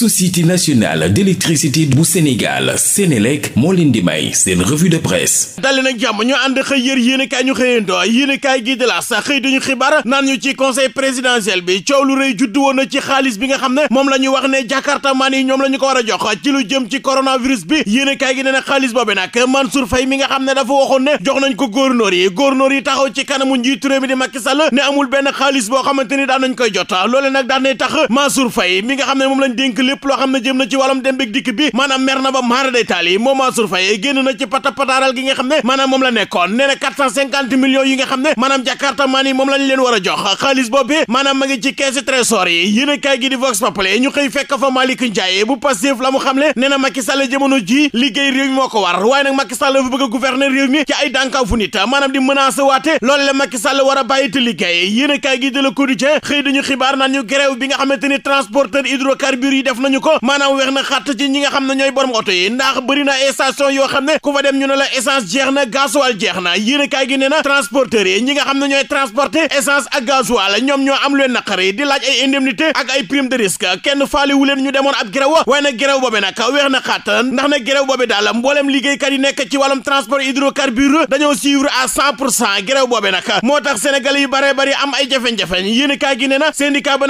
société nationale d'électricité bu jàmm ñu ànd xëy yër yéenekaay ñu xëyandoo yéenekaay gi de la sax xëy xibaar naan ñu ci conseil présidentiel bi coow lu rëy juddu woon ci xaalis bi nga xam ne moom la wax ne Jakarta man yi ñoom la ko war a jox ci lu jëm ci coronavirus bi yéenekaay gi nee xaalis boobu nag Mansour Faye mi nga xam ne dafa waxoon ne jox nañ ko góornóor yi góornóor yi taxaw ci kanamu njiitu mi di Macky ne amul benn xaalis boo xamante ni lépp loo xam ne jëm na ci wàllum dem beeg dikk bi maanaam mer na ba maara taal yi moom Mansour Faye génn na ci pata gi nga xam ne maanaam moom la nekkoon nee na 450 yi nga xam ne maanaam Jakarta maan yi moom lañ leen war a jox xaalis boobu maanaam ma ngi ci caisse trésor yi yéen a di Vox Populi ñu xëy fekk fa Malick Ndiaye bu Pastef la mu xam ne nee na Macky Sall jamono ji liggéey réew mi moo ko war waaye nag Macky Sall dafa fu nit maanaam nañu ko maanaam weex na xàtt ci ñi nga xam ne ñooy borom oto yi ndax bëri na yoo xam ne ku fa dem ñu ne la essence jeex na gasoil jeex na yéen a kaay gi nee na transporteurs yi ñi nga xam ne ñooy transporter essence ak gasoil ñoom ñoo am leen naqari di laaj ay indemnité ak ay prime de risque kenn faale wu leen ñu demoon ab gerew waaye nag gerew boobe nag weex na xàtt ndax nag gerew boobe daal mbooleem liggéeykat yi nekk ci wàllum transport hydrocarbure dañoo suivre à cent pour cent gerew boobe nag moo tax sénégalais yu bare a kaay gi nee na syndicat ba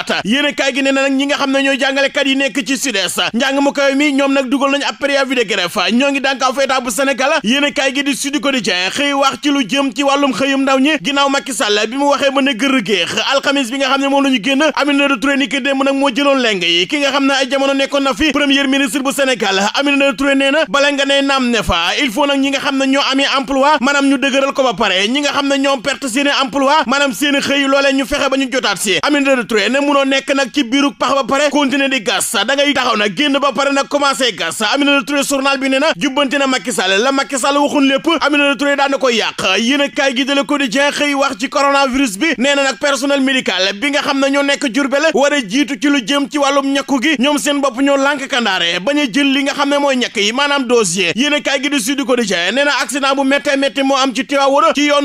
delluwaat yéene gi nee nag ñi nga xam ne ñooy jàngalekat yi nekk ci SUDES njàng mu kawe mi ñoom nag dugal nañu ab préavis de ñoo ngi dànkaafu état bu Sénégal yéene kaay gi di Sud Quotidien xëy wax ci lu jëm ci wàllum xëyum ndaw ñi ginnaaw Macky Sall bi mu waxee mën a gër géex alxamis bi nga xam ne moom la ñu génn Aminata Touré ni ki démb nag moo jëloon leng yi ki nga xam ne ay jamono nekkoon na fi premier ministre bu Sénégal Aminata Touré nee na mënoo nekk nag ci biiru pax ba pare continuer di gas da taxaw nag génn ba pare nag commencé gas Aminata Touré journal bi nee na jubbanti na Macky Sall la Macky Sall waxun lépp Aminata Touré daan na yàq yéen a kaay gi de xëy wax ci coronavirus bi nee na nag personnel médical bi nga xam ne ñoo nekk Jurbel war a jiitu ci lu jëm ci wàllum ñakku gi ñoom seen bopp ñoo lànk kandaare bañ a jël li nga xam ne mooy ñàkk yi maanaam dossier yéen a kaay gi di Sud Quotidien nee na accident bu méttee métti moo am ci Tiwaawoon ci am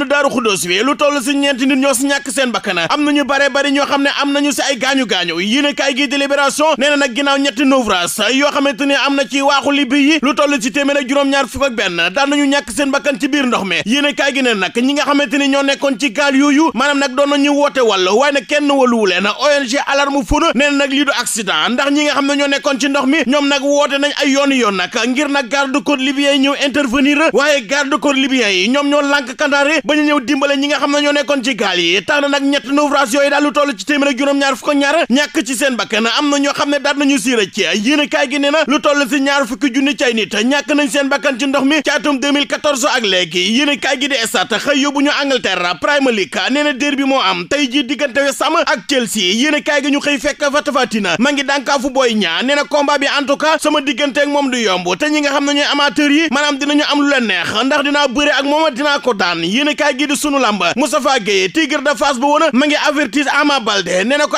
ne am ay gaañu gaañu yéen a kaay gi di nee nag ginaaw ñetti naufrage yoo xamante ni am na ci waaxu libi yi lu toll ci téeméer ak juróom-ñaar fukk ak benn daan ñu ñàkk seen bakkan ci biir ndox mi yéen a gi ne nag ñi nga xamante ni ñoo nekkoon ci gaal yooyu maanaam nag doon nañu woote wàll waaye nag kenn wàlluwu leen ONG alarme fun nee na nag lii du ndax ñi nga xam na ñoo nekkoon ci ndox mi ñoom nag woote nañ ay yoon yoon nag ngir nag garde côte libyen yi ñëw intervenir waaye garde côte libyen yi ñoom ñoo lànk kandaare ba ñu ñëw dimbale ñi nga xam ne ñoo nekkoon ci gaal yi tax na nag ñetti naufrage yooyu toll ci téeméer ak juróom ñaar fukk ñaar ñàkk ci seen bakkan am na ñoo xam ne daat nañu siira ci yéenekaay gi nee lu toll si ñaar fukki junni cay nit ñàkk nañ seen bakkan ci ndox mi ci atum 2014 ak léegi di estat xëy yóbbu ñu Angleterre Premier League nee moo am tey ji diggante West Ham ak Chelsea yéenekaay gi ñu xëy fekk fa Tapha Tine ma ngi Boy Niang nee na combat bi en tout diggante moom du yomb te ñi nga xam ne ñooy amateur yi maanaam dinañu am lu leen neex ndax dinaa bëre ak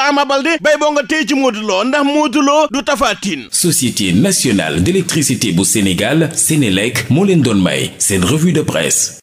Ama Baldé bay boo nga tey ci Modou Lo ndax Modou Lo du Tapha Tine Société nationale d'électricité bu Sénégal Sénélec moo leen doon may seen revue de presse